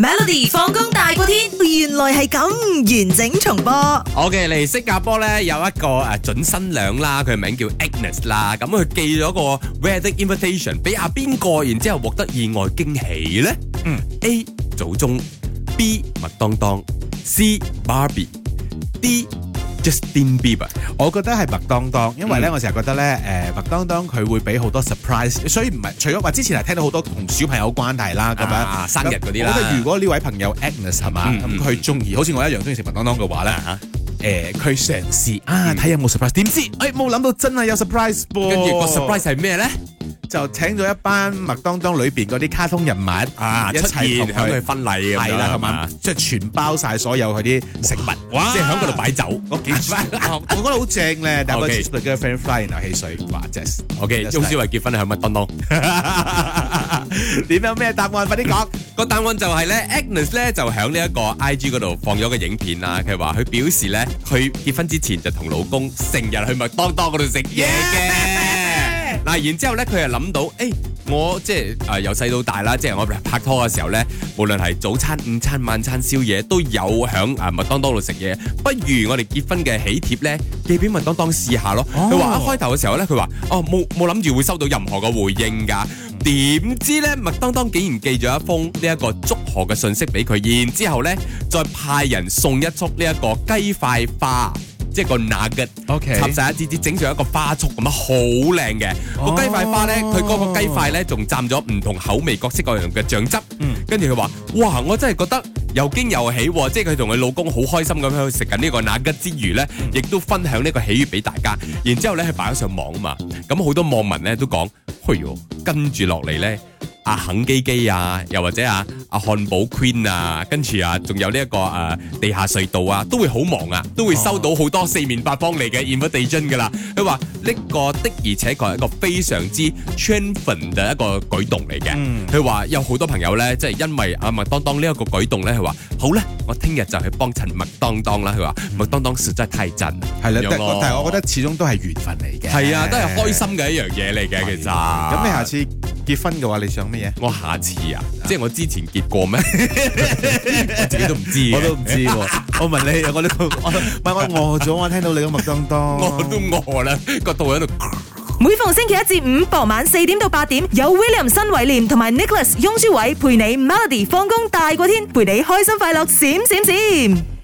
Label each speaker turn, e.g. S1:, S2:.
S1: Melody 放工大過天，原來係咁完整重播。
S2: OK 嚟新加坡咧，有一個誒準新娘啦，佢名叫 Agnes 啦，咁佢寄咗個 Wedding Invitation 俾阿邊個，然之後獲得意外驚喜咧？嗯，A 祖宗，B 麥當當，C Barbie，D。
S1: Justin Bieber，我覺得係麥當當，因為咧，我成日覺得咧，誒麥當當佢會俾好多 surprise，所以唔係除咗話之前係聽到好多同小朋友關係啦，咁樣生日嗰啲啦。我覺得如果呢位朋友 Agnes 係嘛，咁佢中意，好似我一樣中意食麥當當嘅話咧，誒佢嘗試啊睇有冇 surprise，點知誒冇諗到真係有 surprise 噃，跟住個 surprise 係咩咧？就請咗一班麥當當裏邊嗰啲卡通人物啊，一齊同佢去婚禮咁樣，即係全包晒所有佢啲食物，即係喺嗰度擺酒。我覺得好正咧，大家出嚟跟 friend fly，然後汽水。哇！即係
S2: OK，總之為結婚係喺麥當當。
S1: 點有咩答案？快啲講。
S2: 個答案就係咧，Agnes 咧就喺呢一個 IG 嗰度放咗個影片啊，佢話佢表示咧，佢結婚之前就同老公成日去麥當當嗰度食嘢嘅。啊！然之後咧，佢又諗到，誒、欸，我即係啊，由細到大啦，即係我拍拖嘅時候咧，無論係早餐、午餐、晚餐、宵夜，都有喺啊麥當當度食嘢。不如我哋結婚嘅喜帖咧，寄俾麥當當試下咯。佢話、哦、一開頭嘅時候咧，佢話哦，冇冇諗住會收到任何嘅回應㗎。點知咧，麥當當竟然寄咗一封呢一個祝賀嘅信息俾佢，然之後咧，再派人送一束呢一個雞塊花。即係個納吉 Okay. 插晒一支支整上一個花束咁樣，好靚嘅個雞塊花咧，佢嗰、oh. 個雞塊咧仲蘸咗唔同口味、各式各樣嘅醬汁。嗯，跟住佢話：哇，我真係覺得又驚又喜，即係佢同佢老公好開心咁樣去食緊呢個納吉之餘咧，mm. 亦都分享呢個喜悅俾大家。然之後咧，佢擺咗上網啊嘛，咁好多網民咧都講：哎呦，跟住落嚟咧。啊肯基基啊，又或者啊啊漢堡 queen 啊，跟住啊，仲有呢一個誒、啊、地下隧道啊，都會好忙啊，都會收到好多四面八方嚟嘅 invitation 㗎啦。佢話呢個的而且確係一個非常之 triumphant 嘅一個舉動嚟嘅。佢話有好多朋友咧，即係因為啊麥當當呢一個舉動咧，佢話好咧，我聽日就去幫襯麥當當啦。佢話麥當當實在太真，係啦、嗯啊啊，但係我覺
S1: 得始終都係緣分嚟嘅，係啊，都係開
S2: 心嘅一樣嘢嚟嘅其實。
S1: 咁、啊、你下次。結婚嘅話你想咩嘢？麼我下次啊，啊即係我之前結過咩？ 我自己都唔知 我都唔知喎。 我問你，我咧，我唔係我餓咗，我聽到你咁麥當當，我都餓啦，個肚喺度。每逢星期一至五傍晚四點到八點，有 William 新偉廉同埋 Nicholas 翁舒偉陪你 Melody 放工大過天，陪你開心快樂閃閃閃。閃閃閃閃。